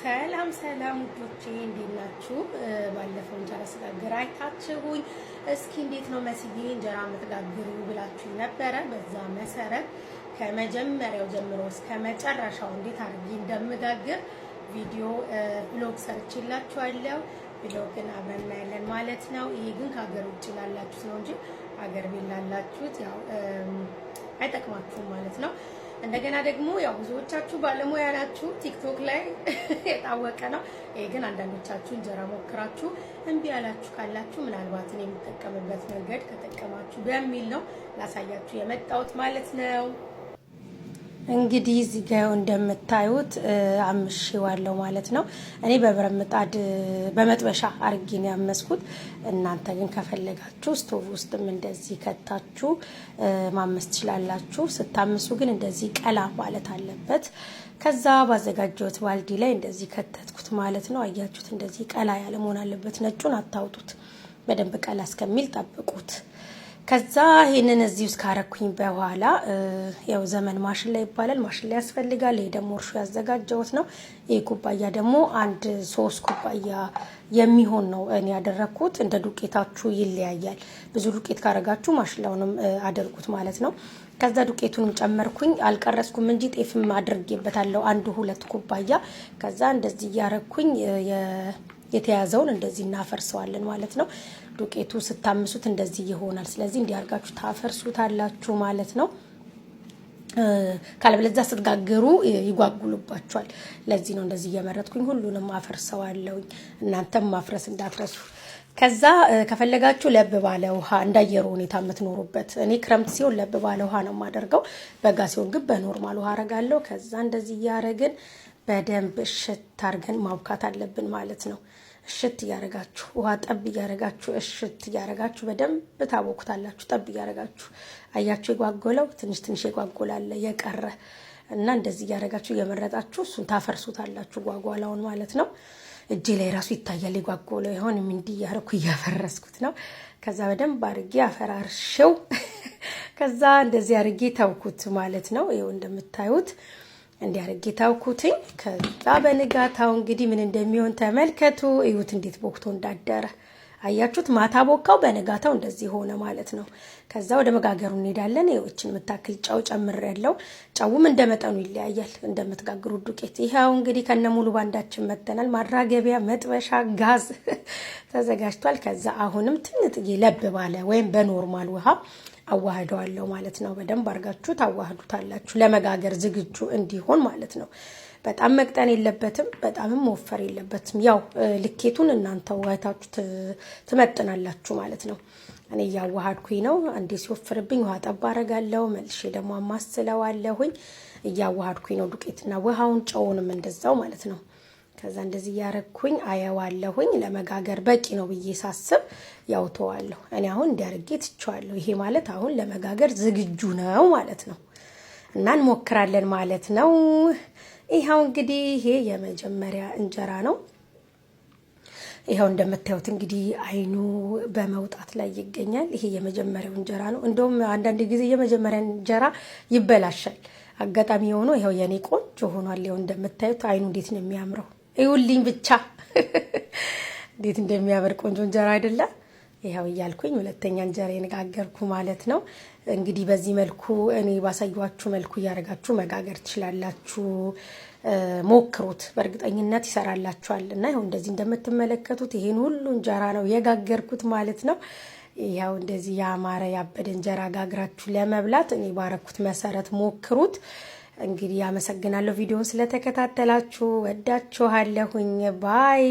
ሰላም ሰላም ውዶቼ እንዴት ናችሁ? ባለፈው እንጀራ ስጋግር አይታችሁኝ፣ እስኪ እንዴት ነው መስዬ እንጀራ የምትጋግሩ ብላችሁ ነበረ። በዛ መሰረት ከመጀመሪያው ጀምሮ እስከ መጨረሻው እንዴት አድርጌ እንደምጋግር ቪዲዮ ብሎግ ሰርችላችኋለሁ። ብሎግን አብረን እናያለን ማለት ነው። ይሄ ግን ከሀገር ውጭ ላላችሁት ነው እንጂ ሀገር ቤት ላላችሁት ያው አይጠቅማችሁም ማለት ነው። እንደገና ደግሞ ያው ብዙዎቻችሁ ባለሙያ ናችሁ፣ ቲክቶክ ላይ የታወቀ ነው። ይሄ ግን አንዳንዶቻችሁ እንጀራ ሞክራችሁ እምቢ ያላችሁ ካላችሁ ምናልባትን የምጠቀምበት መንገድ ከጠቀማችሁ በሚል ነው ላሳያችሁ የመጣሁት ማለት ነው። እንግዲህ እዚህ ጋ እንደምታዩት አምሼዋለሁ ማለት ነው። እኔ በብረት ምጣድ በመጥበሻ አርጌ ነው ያመስኩት። እናንተ ግን ከፈለጋችሁ ስቶቭ ውስጥም እንደዚህ ከታችሁ ማመስ ትችላላችሁ። ስታምሱ ግን እንደዚህ ቀላ ማለት አለበት። ከዛ ባዘጋጀሁት ባልዲ ላይ እንደዚህ ከተትኩት ማለት ነው። አያችሁት? እንደዚህ ቀላ ያለ መሆን አለበት። ነጩን አታውጡት። በደንብ ቀላ እስከሚል ጠብቁት። ከዛ ይህንን እዚህ ውስጥ ካረኩኝ በኋላ ያው ዘመን ማሽላ ይባላል። ማሽላ ያስፈልጋል። ይሄ ደግሞ እርሾ ያዘጋጀሁት ነው። ይህ ኩባያ ደግሞ አንድ ሶስት ኩባያ የሚሆን ነው እኔ ያደረግኩት። እንደ ዱቄታችሁ ይለያያል። ብዙ ዱቄት ካረጋችሁ ማሽላውንም አደርጉት ማለት ነው። ከዛ ዱቄቱንም ጨመርኩኝ። አልቀረስኩም እንጂ ጤፍም አድርጌበታለሁ አንድ ሁለት ኩባያ። ከዛ እንደዚህ እያረግኩኝ የተያዘውን እንደዚህ እናፈርሰዋለን ማለት ነው። ዱቄቱ ስታምሱት እንደዚህ ይሆናል። ስለዚህ እንዲያርጋችሁ ታፈርሱታላችሁ ማለት ነው። ካለበለዛ ስትጋግሩ ይጓጉሉባችኋል። ለዚህ ነው እንደዚህ እየመረጥኩኝ ሁሉንም አፈርሰዋለሁኝ። እናንተም ማፍረስ እንዳትረሱ። ከዛ ከፈለጋችሁ ለብ ባለ ውሃ እንዳየሩ ሁኔታ የምትኖሩበት። እኔ ክረምት ሲሆን ለብ ባለ ውሃ ነው የማደርገው። በጋ ሲሆን ግን በኖርማል ውሃ አረጋለሁ። ከዛ እንደዚህ እያረግን በደንብ እሽት አድርገን ማቡካት አለብን ማለት ነው። እሽት እያረጋችሁ ውሃ ጠብ እያረጋችሁ እሽት እያረጋችሁ በደንብ ታቦኩታላችሁ። ጠብ እያረጋችሁ አያችሁ፣ የጓጎለው ትንሽ ትንሽ የጓጎላለ የቀረ እና እንደዚህ እያረጋችሁ እየመረጣችሁ እሱን ታፈርሱታላችሁ፣ ጓጓላውን ማለት ነው። እጄ ላይ ራሱ ይታያል የጓጎለው። ይሆን እንዲህ እያረኩ እያፈረስኩት ነው። ከዛ በደንብ አርጌ አፈራርሽው፣ ከዛ እንደዚህ አርጌ ተውኩት ማለት ነው። ይኸው እንደምታዩት እንዲያርጌ ታውኩትኝ። ከዛ በንጋታው እንግዲህ ምን እንደሚሆን ተመልከቱ፣ እዩት እንዴት ቦክቶ እንዳደረ አያችሁት። ማታ ቦካው፣ በንጋታው እንደዚህ ሆነ ማለት ነው። ከዛ ወደ መጋገሩ እንሄዳለን። ይችን የምታክል ጨው ጨምር ያለው ጨውም እንደ መጠኑ ይለያያል፣ እንደምትጋግሩት ዱቄት። ይኸው እንግዲህ ከነ ሙሉ ባንዳችን መተናል። ማራገቢያ፣ መጥበሻ፣ ጋዝ ተዘጋጅቷል። ከዛ አሁንም ትንጥ ለብ ባለ ወይም በኖርማል ውሃ አዋህደዋለሁ ማለት ነው። በደንብ አድርጋችሁ ታዋህዱታላችሁ ለመጋገር ዝግጁ እንዲሆን ማለት ነው። በጣም መቅጠን የለበትም፣ በጣምም መወፈር የለበትም። ያው ልኬቱን እናንተ ውሃታችሁ ትመጥናላችሁ ማለት ነው። እኔ እያዋሃድኩኝ ነው። አንዴ ሲወፍርብኝ ውሃ ጠብ አደርጋለሁ፣ መልሼ ደግሞ አማስለዋለሁኝ። እያዋሃድኩኝ ነው ዱቄትና ውሃውን ጨውንም እንደዛው ማለት ነው። ከዛ እንደዚህ እያረግኩኝ አየዋለሁኝ። ለመጋገር በቂ ነው ብዬ ሳስብ ያው ተዋለሁ። እኔ አሁን እንዲያርጌ ትቼዋለሁ። ይሄ ማለት አሁን ለመጋገር ዝግጁ ነው ማለት ነው እና እንሞክራለን ማለት ነው። ይኸው እንግዲህ ይሄ የመጀመሪያ እንጀራ ነው። ይኸው እንደምታዩት እንግዲህ አይኑ በመውጣት ላይ ይገኛል። ይሄ የመጀመሪያው እንጀራ ነው። እንደውም አንዳንድ ጊዜ የመጀመሪያ እንጀራ ይበላሻል። አጋጣሚ የሆነው ይኸው የኔ ቆንጆ ሆኗል። ይኸው እንደምታዩት አይኑ እንዴት ነው የሚያምረው! እውልኝ ብቻ እንዴት እንደሚያምር ቆንጆ እንጀራ አይደለ? ይኸው እያልኩኝ ሁለተኛ እንጀራ የነጋገርኩ ማለት ነው። እንግዲህ በዚህ መልኩ እኔ ባሳየኋችሁ መልኩ እያደረጋችሁ መጋገር ትችላላችሁ። ሞክሩት፣ በእርግጠኝነት ይሰራላችኋል። እና ይኸው እንደዚህ እንደምትመለከቱት ይሄን ሁሉ እንጀራ ነው የጋገርኩት ማለት ነው። ይኸው እንደዚህ ያማረ ያበደ እንጀራ ጋግራችሁ ለመብላት እኔ ባረኩት መሰረት ሞክሩት። እንግዲህ አመሰግናለሁ ቪዲዮውን ስለተከታተላችሁ። ወዳችኋለሁኝ። ባይ